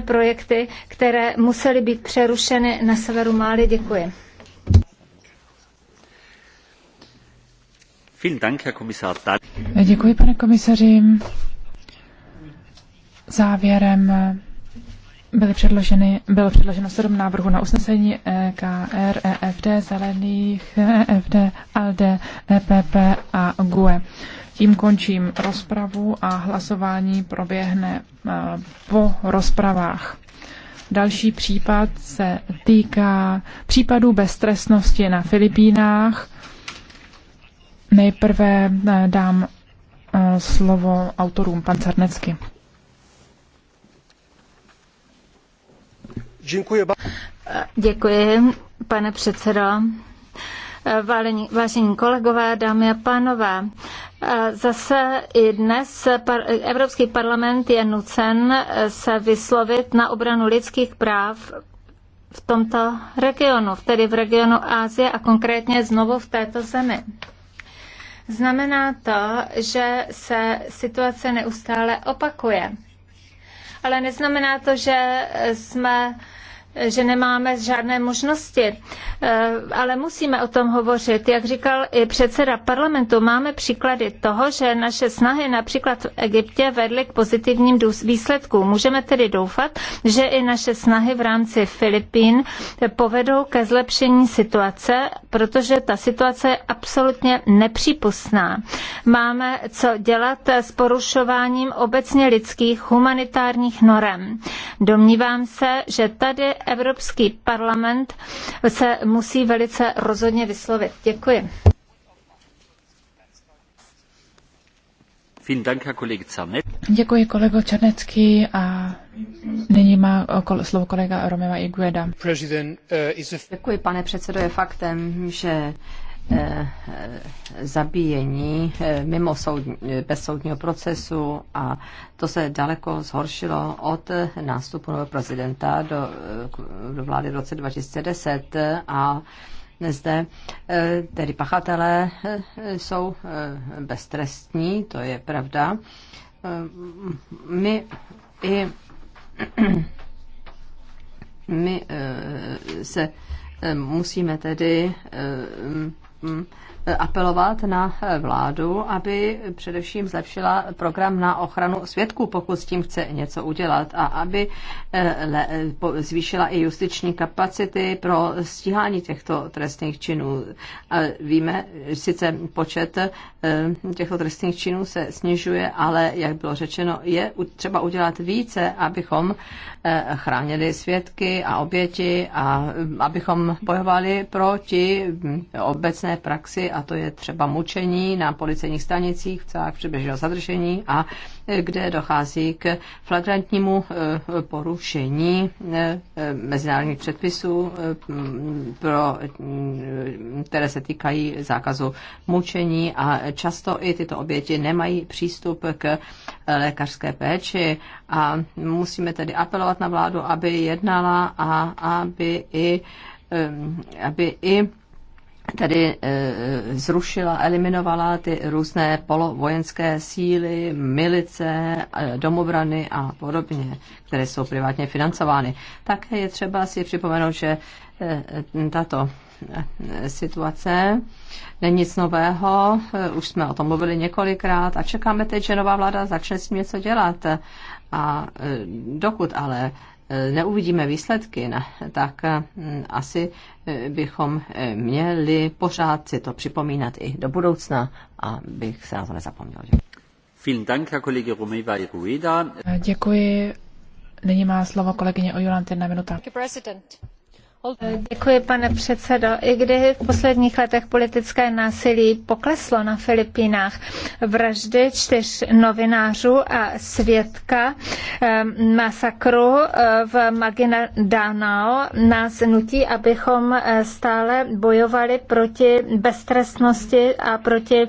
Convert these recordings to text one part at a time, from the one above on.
projekty, které musely být přerušeny na severu Máli. Děkuji. Děkuji, pane komisaři. Závěrem byly předloženy, bylo předloženo sedm návrhů na usnesení e KR, EFD, Zelených, EFD, ALDE, EPP a GUE. Tím končím rozpravu a hlasování proběhne eh, po rozpravách. Další případ se týká případů beztresnosti na Filipínách. Nejprve eh, dám eh, slovo autorům, pan Cernecky. Děkuji. Děkuji, pane předsedo. Vážení, kolegové, dámy a pánové, Zase i dnes Evropský parlament je nucen se vyslovit na obranu lidských práv v tomto regionu, tedy v regionu Asie a konkrétně znovu v této zemi. Znamená to, že se situace neustále opakuje. Ale neznamená to, že jsme že nemáme žádné možnosti, eh, ale musíme o tom hovořit. Jak říkal i předseda parlamentu, máme příklady toho, že naše snahy například v Egyptě vedly k pozitivním výsledkům. Můžeme tedy doufat, že i naše snahy v rámci Filipín povedou ke zlepšení situace, protože ta situace je absolutně nepřípustná. Máme co dělat s porušováním obecně lidských humanitárních norem. Domnívám se, že tady Evropský parlament se musí velice rozhodně vyslovit. Děkuji. Děkuji kolego Černecký a nyní má slovo kolega Romeva Igueda. Uh, Děkuji, pane předsedo. Je faktem, že Eh, zabíjení eh, mimo soudní, eh, bez soudního procesu a to se daleko zhoršilo od nástupu nového prezidenta do, do vlády v roce 2010 a zde tedy pachatelé jsou beztrestní, to je pravda. My i my se musíme tedy Hmm apelovat na vládu, aby především zlepšila program na ochranu svědků, pokud s tím chce něco udělat a aby eh, zvýšila i justiční kapacity pro stíhání těchto trestných činů. A víme, sice počet eh, těchto trestných činů se snižuje, ale jak bylo řečeno, je třeba udělat více, abychom eh, chránili svědky a oběti a abychom bojovali proti hm, obecné praxi a a to je třeba mučení na policejních stanicích v celách přibližného zadržení a e, kde dochází k flagrantnímu e, porušení e, mezinárodních předpisů, pro, které se týkají zákazu mučení a často i tyto oběti nemají přístup k lékařské péči a musíme tedy apelovat na vládu, aby jednala a aby i aby i tedy e, zrušila, eliminovala ty různé polovojenské síly, milice, e, domobrany a podobně, které jsou privátně financovány. Také je třeba si připomenout, že e, tato situace není nic nového, už jsme o tom mluvili několikrát a čekáme teď, že nová vláda začne s tím něco dělat. A dokud ale neuvidíme výsledky, tak eh, asi eh, bychom eh, měli pořád si to připomínat i do budoucna, abych se na to nezapomněl. Děkuji. Nyní má slovo kolegyně Ojulanty na minuta. Děkuji, pane předsedo. I kdy v posledních letech politické násilí pokleslo na Filipínách, vraždy čtyř novinářů a svědka ehm, masakru eh, v Maguindanao nás nutí, abychom eh, stále bojovali proti beztrestnosti a proti,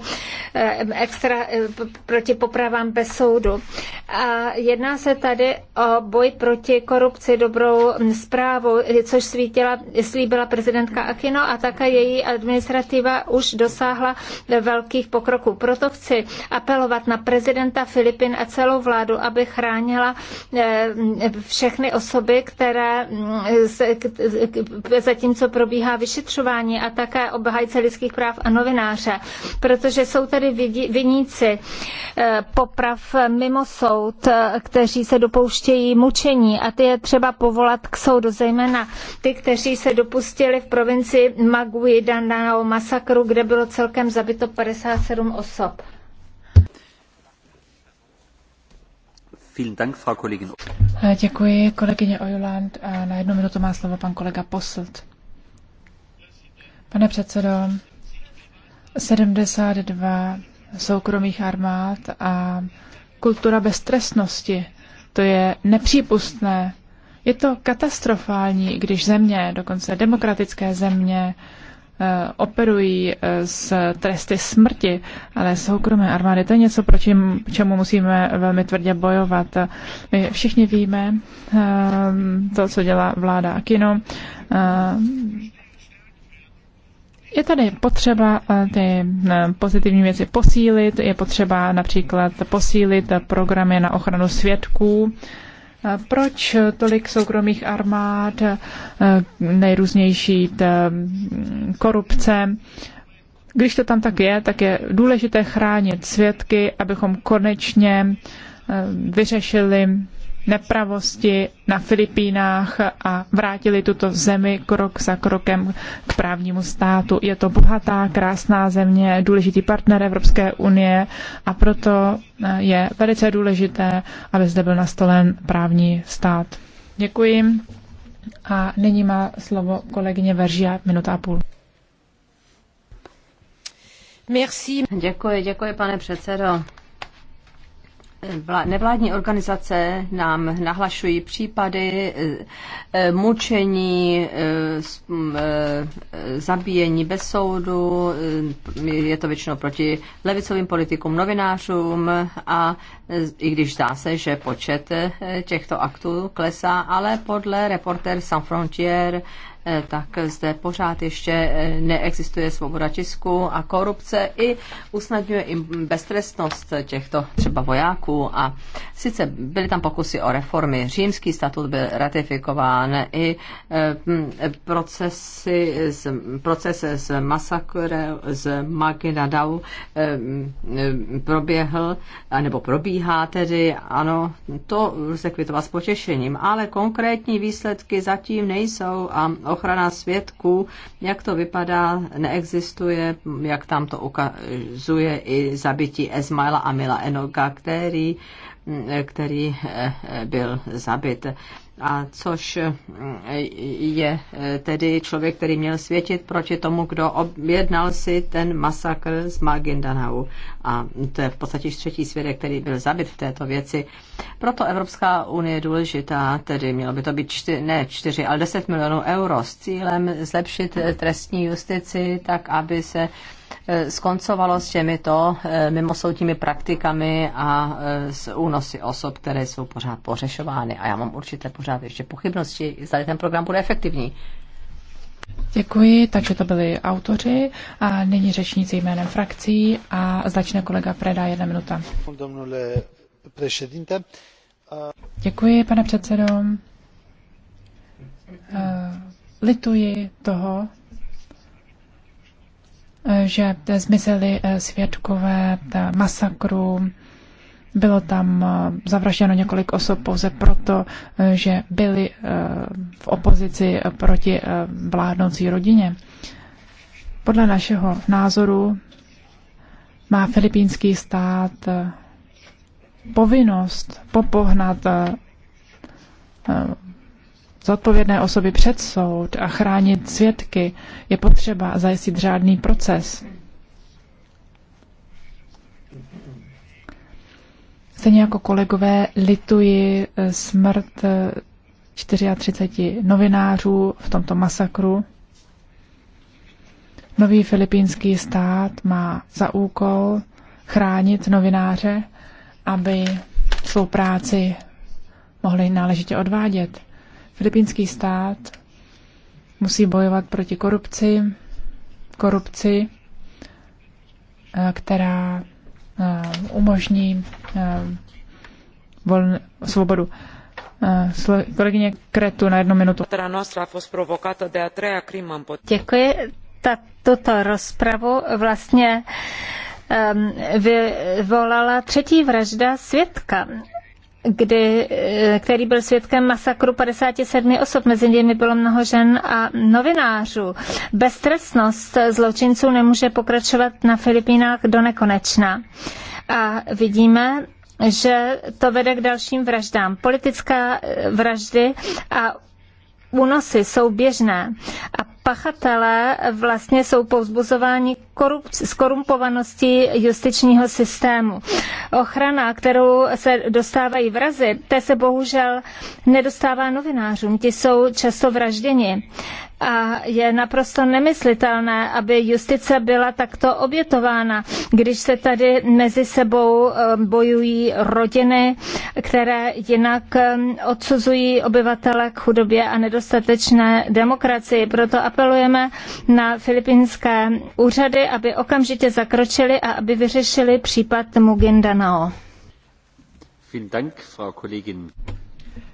ehm, extra, eh, proti popravám bez soudu. A jedná se tady o boj proti korupci, dobrou hm, zprávu, což svítí chtěla, slíbila prezidentka Aquino a také její administrativa už dosáhla velkých pokroků. Proto chci apelovat na prezidenta Filipin a celou vládu, aby chránila eh, všechny osoby, které mm, zatímco probíhá vyšetřování a také obhájce lidských práv a novináře, protože jsou tady viníci eh, poprav mimo soud, eh, kteří se dopouštějí mučení a ty je třeba povolat k soudu, zejména ty, které kteří se dopustili v provincii Magui Danao masakru, kde bylo celkem zabito 57 osob. Děkuji, kolegyně Ojuland. A na jednu minutu má slovo pan kolega Poslt. Pane předsedo, 72 soukromých armád a kultura beztrestnosti, to je nepřípustné. Je to katastrofální, když země, dokonce demokratické země, eh, operují eh, s tresty smrti, ale soukromé armády, to je něco, proti čemu musíme velmi tvrdě bojovat. My všichni víme eh, to, co dělá vláda kino. Je tady potřeba ty pozitivní věci posílit, je potřeba například posílit programy na ochranu svědků, proč tolik soukromých armád, eh, nejrůznější mm, korupce? Když to tam tak je, tak je důležité chránit svědky, abychom konečně eh, vyřešili nepravosti na Filipínách a vrátili tuto zemi krok za krokem k právnímu státu. Je to bohatá, krásná země, důležitý partner Evropské unie a proto eh, je velice důležité, aby zde byl nastolen právní stát. Děkuji. A nyní má slovo kolegyně Veržia, minuta a půl. Merci. Děkuji, děkuji, pane předsedo. Nevládní organizace nám nahlašují případy e, e, mučení, e, zabíjení bez soudu, je to většinou proti levicovým politikům, novinářům a i když zdá se, že počet těchto aktů klesá, ale podle Reporter San Frontier Eh, tak zde pořád ještě eh, neexistuje svoboda tisku a korupce i usnadňuje i beztrestnost těchto třeba vojáků. A sice byly tam pokusy o reformy. Římský statut byl ratifikován i eh, procesy z, proces z masakre z Maginadau proběhl, nebo probíhá tedy, ano, to se kvitovat s potěšením, ale konkrétní výsledky zatím nejsou a ochrana svědků, jak to vypadá, neexistuje, jak tam to ukazuje i zabití Esmaila Amila Enoga, který který eh, byl zabit a což eh, je eh, tedy člověk, který měl světit proti tomu, kdo objednal si ten masakr z Magindanau. A to je v podstatě třetí svědek, který byl zabit v této věci. Proto Evropská unie je důležitá, tedy mělo by to být čty, ne čtyři, ale deset milionů euro s cílem zlepšit trestní justici tak, aby se Eh, skoncovalo s těmito eh, mimosoudními praktikami a eh, s únosy osob, které jsou pořád pořešovány. A já mám určité pořád ještě pochybnosti, zda ten program bude efektivní. Děkuji, takže to byli autoři a nyní řečníci jménem frakcí a začne kolega Preda, jedna minuta. Děkuji, pane předsedo. Lituji toho, že zmizeli eh, svědkové masakru, bylo tam eh, zavražděno několik osob pouze proto, eh, že byli v opozici proti vládnoucí rodině. Podle našeho názoru má filipínský stát povinnost popohnat zodpovědné osoby před soud a chránit svědky, je potřeba zajistit řádný proces. Stejně jako kolegové lituji eh, smrt 34 eh, novinářů v tomto masakru. Nový filipínský stát má za úkol chránit novináře, aby svou práci mohli náležitě odvádět. Filipínský stát musí bojovat proti korupci, korupci, eh, která eh, umožní eh, voln, svobodu. Kolegyně Kretu na jednu minutu. Děkuji. tato tuto rozpravu vlastně ehm, vyvolala třetí vražda světka kdy, eh, který byl svědkem masakru 57 osob, mezi nimi bylo mnoho žen a novinářů. Beztrestnost zločinců nemůže pokračovat na Filipínách do nekonečna. A vidíme, že to vede k dalším vraždám. Politická eh, vraždy a únosy jsou běžné a pachatelé vlastně jsou povzbuzováni skorumpovanosti justičního systému. Ochrana, kterou se dostávají vrazy, té se bohužel nedostává novinářům. Ti jsou často vražděni. A je naprosto nemyslitelné, aby justice byla takto obětována, když se tady mezi sebou eh, bojují rodiny, které jinak eh, odsuzují obyvatele k chudobě a nedostatečné demokracii. Proto apelujeme na filipínské úřady, aby okamžitě zakročili a aby vyřešili případ Mugin Danao.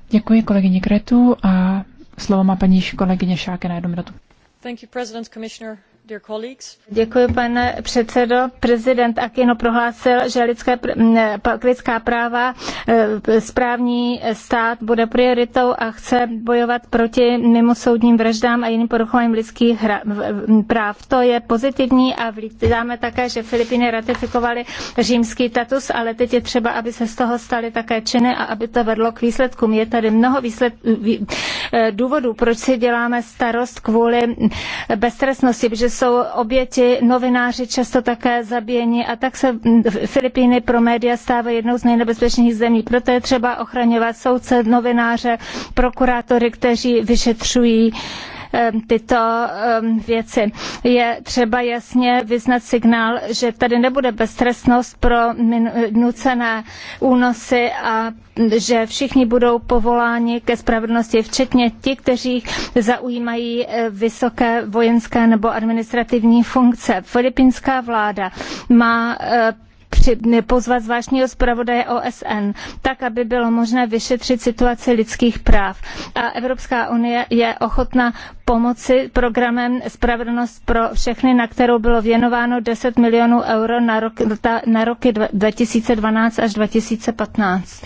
Děkuji kolegyni Kretu a slovo má paní kolegyně Šáke na jednu minutu. You, Děkuji, pane předsedo. Prezident Aquino prohlásil, že lidské, lidská práva, e, správní stát bude prioritou a chce bojovat proti mimosoudním vraždám a jiným poruchováním lidských práv. To je pozitivní a vítáme také, že Filipíny ratifikovaly římský status, ale teď je třeba, aby se z toho staly také činy a aby to vedlo k výsledkům. Je tady mnoho výsled, e, důvodů, proč si děláme starost kvůli beztrestnosti, protože jsou oběti, novináři často také zabíjeni a tak se Filipíny pro média stávají jednou z nejnebezpečnějších zemí. Proto je třeba ochraňovat soudce, novináře, prokurátory, kteří vyšetřují Ehm, tyto ehm, věci. Je třeba jasně vyznat signál, že tady nebude beztrestnost pro nucené únosy a že všichni budou povoláni ke spravedlnosti, včetně ti, kteří zaujímají eh, vysoké vojenské nebo administrativní funkce. Filipínská vláda má eh, při, pozvat zvláštního zpravodaje OSN, tak, aby bylo možné vyšetřit situaci lidských práv. A Evropská unie je ochotna pomoci programem Spravedlnost pro všechny, na kterou bylo věnováno 10 milionů euro na, rok, na roky 2012 až 2015.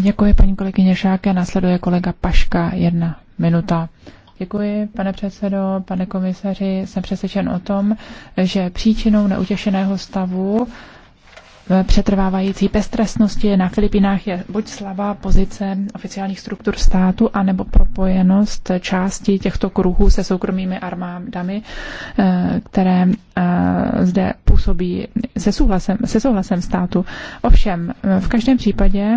Děkuji paní kolegyně Šáke, následuje kolega Paška, jedna minuta. Děkuji, pane předsedo, pane komisaři. Jsem přesvědčen o tom, že příčinou neutěšeného stavu eh, přetrvávající pestresnosti na Filipinách je buď slabá pozice oficiálních struktur státu, anebo propojenost části těchto kruhů se soukromými armádami, eh, které eh, zde působí se souhlasem, se souhlasem státu. Ovšem, v každém případě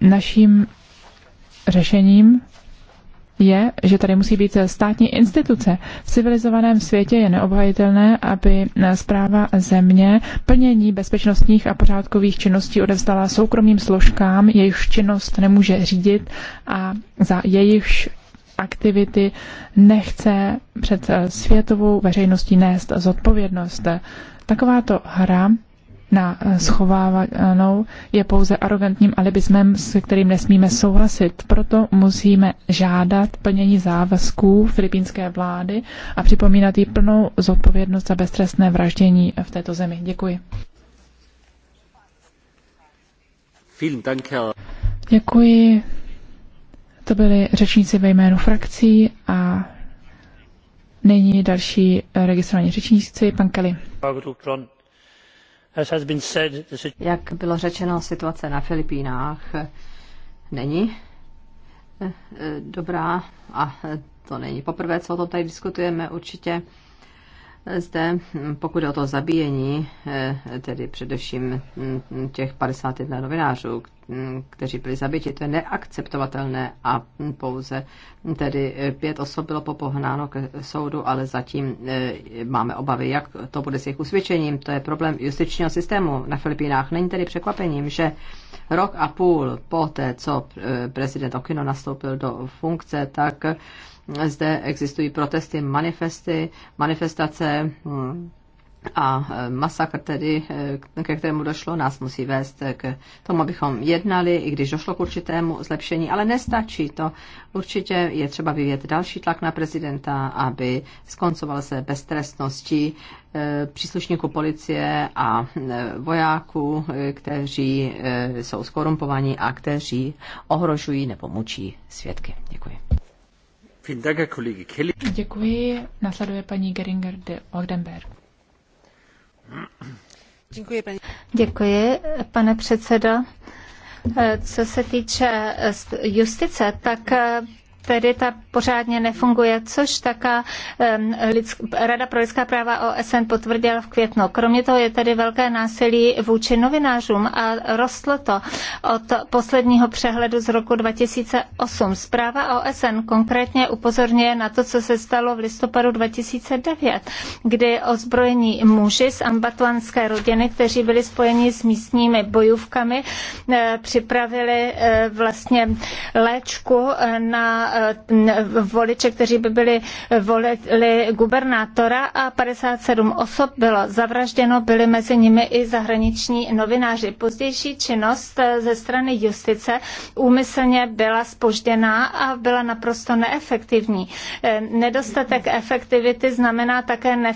naším řešením je, že tady musí být státní instituce. V civilizovaném světě je neobhajitelné, aby zpráva země plnění bezpečnostních a pořádkových činností odevzdala soukromým složkám, jejichž činnost nemůže řídit a za jejichž aktivity nechce před světovou veřejností nést zodpovědnost. Takováto hra na eh, schovávanou je pouze arrogantním alibismem, s kterým nesmíme souhlasit. Proto musíme žádat plnění závazků filipínské vlády a připomínat jí plnou zodpovědnost za beztrestné vraždění v této zemi. Děkuji. Děkuji. To byli řečníci ve jménu frakcí a nyní další registrovaní řečníci, pan Kelly. Jak bylo řečeno, situace na Filipínách není eh, eh, dobrá a eh, to není poprvé, co o tom tady diskutujeme určitě. Zde, hm, pokud je o to zabíjení, tedy především hm, hm, těch 51 novinářů, Mm, kteří byli zabiti. To je neakceptovatelné a pouze tedy eh, pět osob bylo popohnáno k soudu, ale zatím eh, máme obavy, jak to bude s jejich usvědčením. To je problém justičního systému na Filipínách. Není tedy překvapením, že rok a půl po té, co eh, prezident Okino nastoupil do funkce, tak zde existují protesty, manifesty, manifestace, hm, a e, masakr tedy, e, ke kterému došlo, nás musí vést k tomu, abychom jednali, i když došlo k určitému zlepšení, ale nestačí to. Určitě je třeba vyvět další tlak na prezidenta, aby skoncoval se beztrestností e, příslušníků policie a vojáků, kteří jsou skorumpovaní a kteří ohrožují nebo mučí svědky. Děkuji. Děkuji. Nasleduje paní Geringer de Oldenberg. Děkuji, pane předsedo. Co se týče justice, tak tedy ta pořádně nefunguje, což taká Rada pro lidská práva OSN potvrdila v květnu. Kromě toho je tady velké násilí vůči novinářům a rostlo to od posledního přehledu z roku 2008. Zpráva OSN konkrétně upozorňuje na to, co se stalo v listopadu 2009, kdy ozbrojení muži z ambatlanské rodiny, kteří byli spojeni s místními bojůvkami, připravili vlastně léčku na Eh, voliče, kteří by byli eh, volili gubernátora a 57 osob bylo zavražděno, byli mezi nimi i zahraniční novináři. Pozdější činnost eh, ze strany justice úmyslně byla spožděná a byla naprosto neefektivní. Nedostatek efektivity znamená také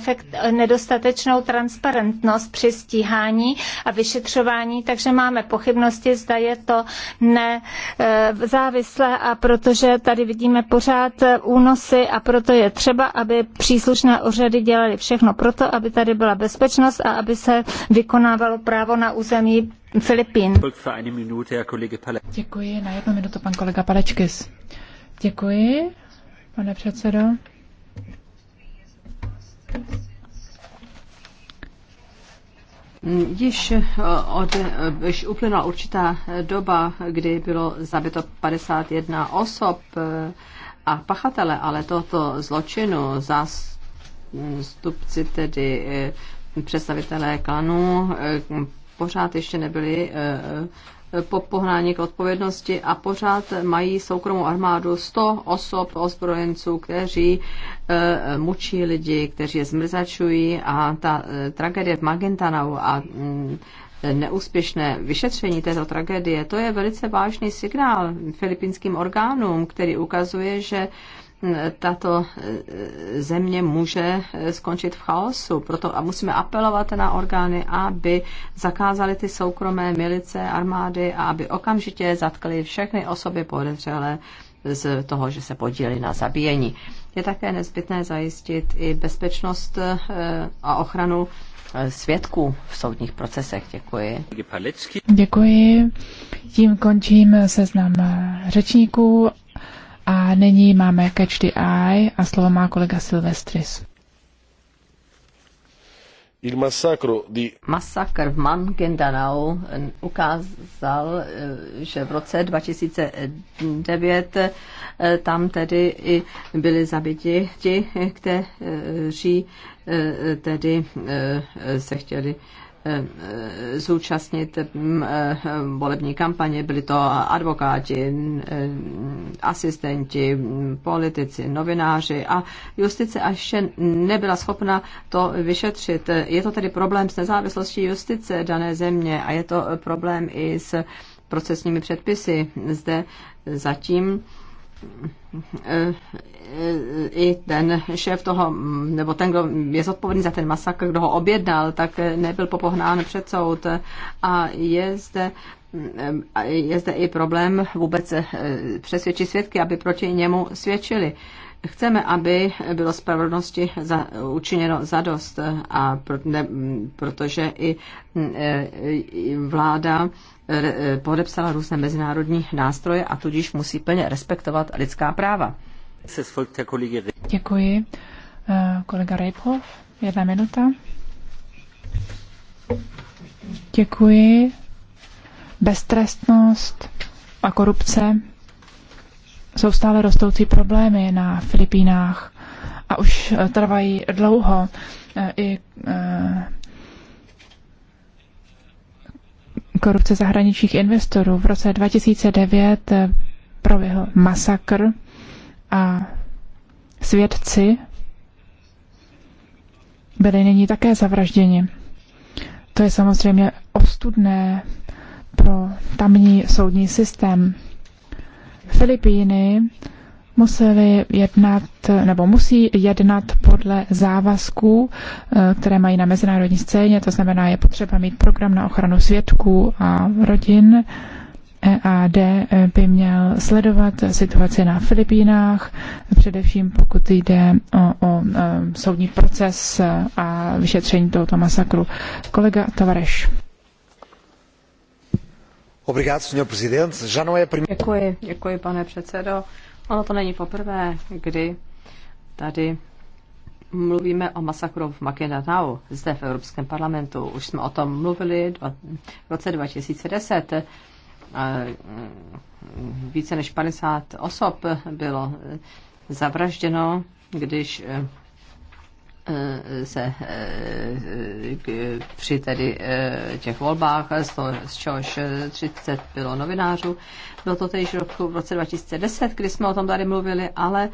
nedostatečnou transparentnost při stíhání a vyšetřování, takže máme pochybnosti, zda je to nezávislé a protože tady vidíme pořád únosy a proto je třeba, aby příslušné úřady dělali všechno proto, aby tady byla bezpečnost a aby se vykonávalo právo na území Filipín. Děkuji. Na jednu minutu pan kolega Palečkis. Děkuji, pane předsedo. Již, eh, od, eh, již uplynula určitá eh, doba, kdy bylo zabito 51 osob a pachatele, ale tohoto zločinu zástupci tedy představitelé klanů pořád ještě nebyli popohnání k odpovědnosti a pořád mají soukromou armádu 100 osob ozbrojenců, kteří e, mučí lidi, kteří je zmrzačují a ta e, tragédie v Magentanau a mm, neúspěšné vyšetření této tragédie, to je velice vážný signál filipínským orgánům, který ukazuje, že tato e, země může e, skončit v chaosu. Proto a musíme apelovat na orgány, aby zakázali ty soukromé milice, armády a aby okamžitě zatkli všechny osoby podezřelé z toho, že se podíleli na zabíjení. Je také nezbytné zajistit i bezpečnost e, a ochranu svědků v soudních procesech. Děkuji. Děkuji. Tím končím seznam řečníků a nyní máme Catch the Eye a slovo má kolega Silvestris. Masakr v Mangendanao eh, ukázal, eh, že v roce 2009 eh, tam tedy i byli zabiti ti, kteří tedy se chtěli zúčastnit mm, eh, volební kampaně. Byli to advokáti, eh, asistenti, politici, novináři a justice až ještě nebyla schopna to vyšetřit. Je to tedy problém s nezávislostí justice dané země a je to problém i s procesními předpisy. Zde zatím i ten šéf toho, nebo ten, kdo je zodpovědný za ten masakr, kdo ho objednal, tak nebyl popohnán před soud. A je zde, je zde i problém vůbec eh, přesvědčit svědky, aby proti němu svědčili. Chceme, aby bylo spravedlnosti za, učiněno zadost, a pro, ne, protože i, e, i vláda e, podepsala různé mezinárodní nástroje a tudíž musí plně respektovat lidská práva. Děkuji. E, kolega Rejpov, jedna minuta. Děkuji. Beztrestnost a korupce jsou stále rostoucí problémy na Filipínách a už eh, trvají dlouho. Eh, I eh, korupce zahraničních investorů. V roce 2009 proběhl masakr a svědci byli nyní také zavražděni. To je samozřejmě ostudné pro tamní soudní systém. Filipíny museli jednat, nebo musí jednat podle závazků, eh, které mají na mezinárodní scéně, to znamená, je potřeba mít program na ochranu svědků a rodin. EAD eh, by měl sledovat situaci na Filipínách, především pokud jde o, o eh, soudní proces a vyšetření tohoto masakru. Kolega Tavareš. Děkuji, děkuji, pane předsedo. Ono to není poprvé, kdy tady mluvíme o masakru v Makedanau zde v Evropském parlamentu. Už jsme o tom mluvili v roce 2010. Mm, více než 50 osob bylo zavražděno, když eh, Eh, se eh, při tedy eh, těch volbách, z, toho, z čehož 30 bylo novinářů. Bylo to tedy v roce 2010, kdy jsme o tom tady mluvili, ale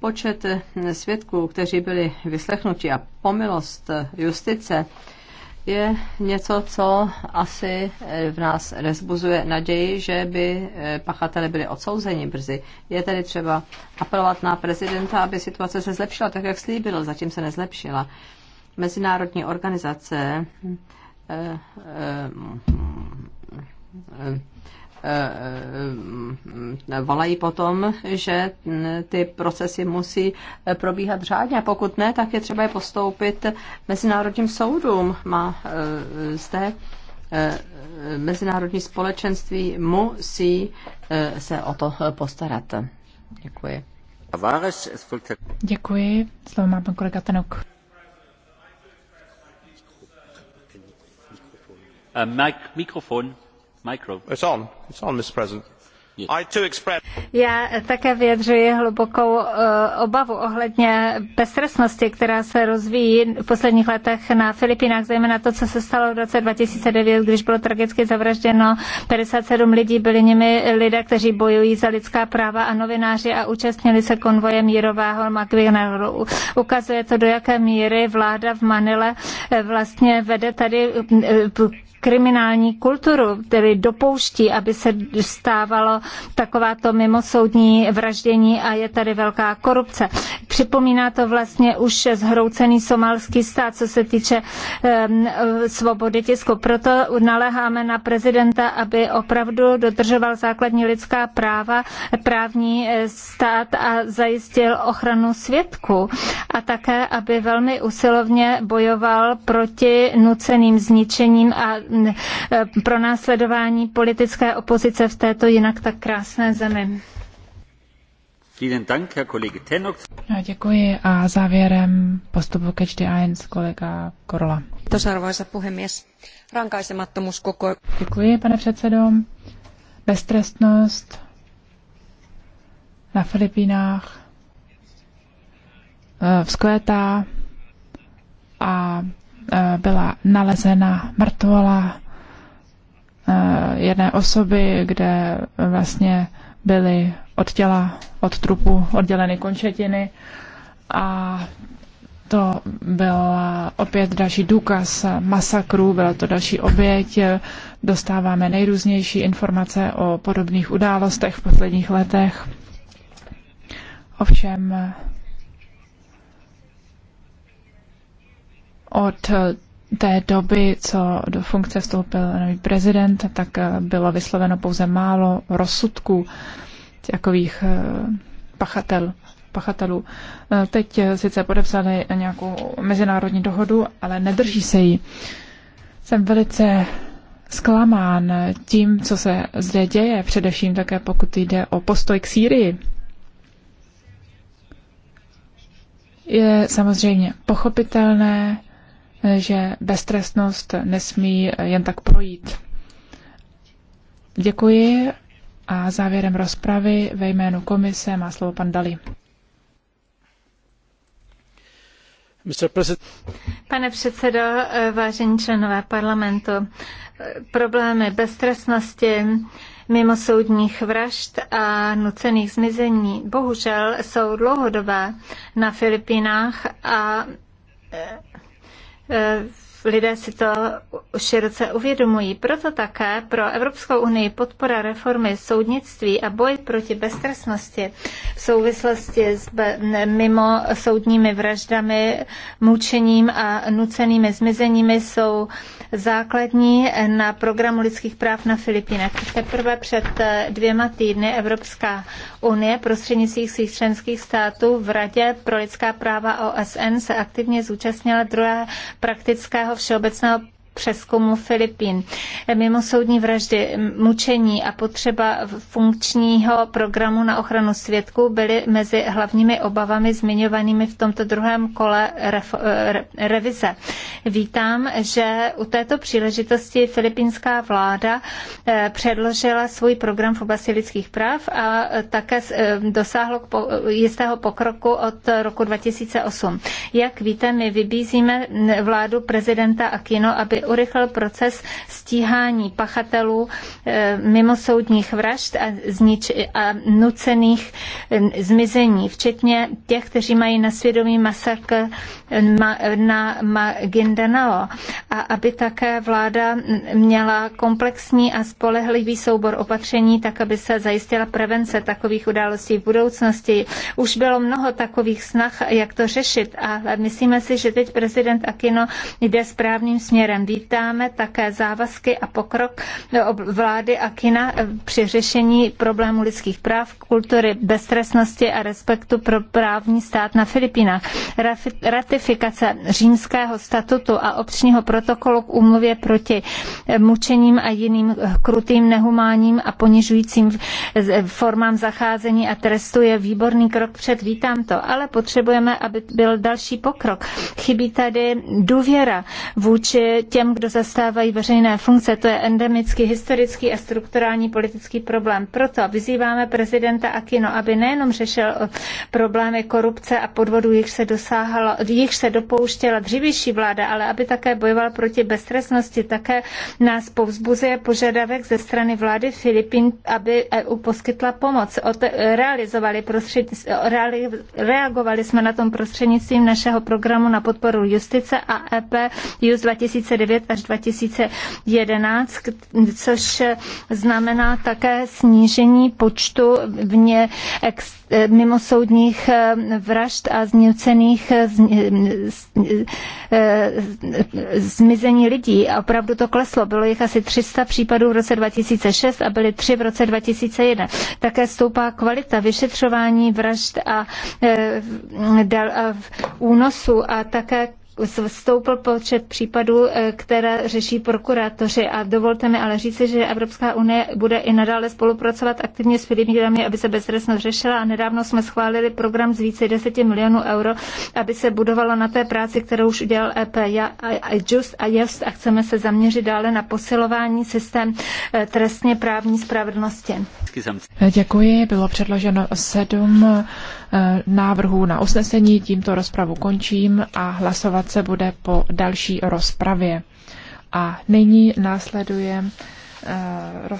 počet svědků, kteří byli vyslechnuti a pomilost justice, je něco, co asi eh, v nás rozbuzuje naději, že by eh, pachatele byli odsouzeni brzy. Je tedy třeba apelovat na prezidenta, aby situace se zlepšila, tak jak slíbil, zatím se nezlepšila. Mezinárodní organizace eh, eh, eh, Eh, eh, volají potom, že ty procesy musí probíhat řádně. A pokud ne, tak je třeba je postoupit mezinárodním soudům. Má eh, zde mezinárodní společenství musí se o to postarat. Děkuji. Děkuji. Slovo má pan kolega Tenok. Mikrofon já také vyjadřuji hlubokou eh, obavu ohledně beztrestnosti, která se rozvíjí v posledních letech na Filipínách, zejména to, co se stalo v roce nine když bylo tragicky zavražděno 57 lidí, byli nimi lidé, kteří bojují za lidská práva a novináři a účastnili se konvoje mírového Makvineru. Ukazuje to, do jaké míry vláda v Manile eh, vlastně vede tady eh, kriminální kulturu, tedy dopouští, aby se stávalo takováto mimosoudní vraždění a je tady velká korupce. Připomíná to vlastně už zhroucený somalský stát, co se týče um, svobody tisku. Proto naléháme na prezidenta, aby opravdu dodržoval základní lidská práva, právní e, stát a zajistil ochranu svědků a také, aby velmi usilovně bojoval proti nuceným zničením a E, pro politické opozice v této jinak tak krásné zemi. Děkuji a závěrem postupu Catch the Irons kolega Korola. Děkuji, pane předsedo. Beztrestnost na Filipínách e, vzkvétá a Eh, byla nalezena mrtvola eh, jedné osoby, kde vlastně byly od těla, od trupu odděleny končetiny a to byl opět další důkaz masakru, byla to další oběť. Dostáváme nejrůznější informace o podobných událostech v posledních letech. Ovšem Od eh, té doby, co do funkce vstoupil nový prezident, tak eh, bylo vysloveno pouze málo rozsudků takových eh, pachatel, pachatelů. Teď sice podepsali nějakou mezinárodní dohodu, ale nedrží se jí. Jsem velice zklamán tím, co se zde děje, především také pokud jde o postoj k Sýrii. Je samozřejmě pochopitelné, že beztrestnost nesmí jen tak projít. Děkuji a závěrem rozpravy ve jménu komise má slovo pan Dali. Pane předsedo, vážení členové parlamentu, problémy beztrestnosti, soudních vražd a nucených zmizení bohužel jsou dlouhodobé na Filipínách a eh, Eh, lidé si to široce uvědomují. Proto také pro Evropskou unii podpora reformy soudnictví a boj proti beztrestnosti v souvislosti s mimo soudními vraždami, mučením a nucenými zmizeními jsou základní na programu lidských práv na Filipínách. Teprve před eh, dvěma týdny Evropská unie prostřednictvím svých členských států v Radě pro lidská práva OSN se aktivně zúčastnila druhé praktického všeobecného přeskumu Filipín. Mimo soudní vraždy, mučení a potřeba funkčního programu na ochranu svědků byly mezi hlavními obavami zmiňovanými v tomto druhém kole eh, revize. Vítám, že u této příležitosti filipínská vláda eh, předložila svůj program v oblasti lidských práv a eh, také dosáhlo jistého pokroku od roku 2008. Jak víte, my vybízíme vládu prezidenta Aquino, aby urychlil proces stíhání pachatelů eh, mimosoudních vražd a, znič- a nucených eh, zmizení, včetně těch, kteří mají na svědomí masakr eh, na Magindanao. A aby také vláda měla komplexní a spolehlivý soubor opatření, tak aby se zajistila prevence takových událostí v budoucnosti. Už bylo mnoho takových snah, jak to řešit, a myslíme si, že teď prezident Akino jde správným směrem vítáme také závazky a pokrok vlády kina eh, při řešení problému lidských práv, kultury beztrestnosti a respektu pro právní stát na Filipínách. Ratifikace římského statutu a občního protokolu k úmluvě proti eh, mučením a jiným eh, krutým, nehumánním a ponižujícím formám zacházení a trestu je výborný krok před. Vítám to, ale potřebujeme, aby byl další pokrok. Chybí tady důvěra vůči těm těm, kdo zastávají veřejné funkce. To je endemický, historický a strukturální politický problém. Proto vyzýváme prezidenta Aquino, aby nejenom řešil eh, problémy korupce a podvodů, jich se, dosáhalo, jich se dopouštěla dřívější vláda, ale aby také bojoval proti beztrestnosti. Také nás povzbuzuje požadavek ze strany vlády Filipín, aby EU poskytla pomoc. Eh, realizovali reagovali jsme na tom prostřednictvím našeho programu na podporu justice a EP Just 2009 2009 až 2011, což znamená také snížení počtu vně ex, eh, mimosoudních eh, vražd a znicených eh, zmizení lidí. A opravdu to kleslo. Bylo jich asi 300 případů v roce 2006 a byly 3 v roce 2001. Také stoupá kvalita vyšetřování vražd a, dal, a únosu a také stoupl počet případů, eh, které řeší prokurátoři. A dovolte mi ale říci, že Evropská unie bude i nadále spolupracovat aktivně s Filipínami, aby se beztrestnost řešila. A nedávno jsme schválili program z více 10 milionů euro, aby se budovalo na té práci, kterou už udělal EP a Just a Just a chceme se zaměřit dále na posilování systém eh, trestně právní spravedlnosti. Eh, děkuji, bylo předloženo sedm návrhů na usnesení, tímto rozpravu končím a hlasovat situace bude po další rozpravě. A nyní následuje uh,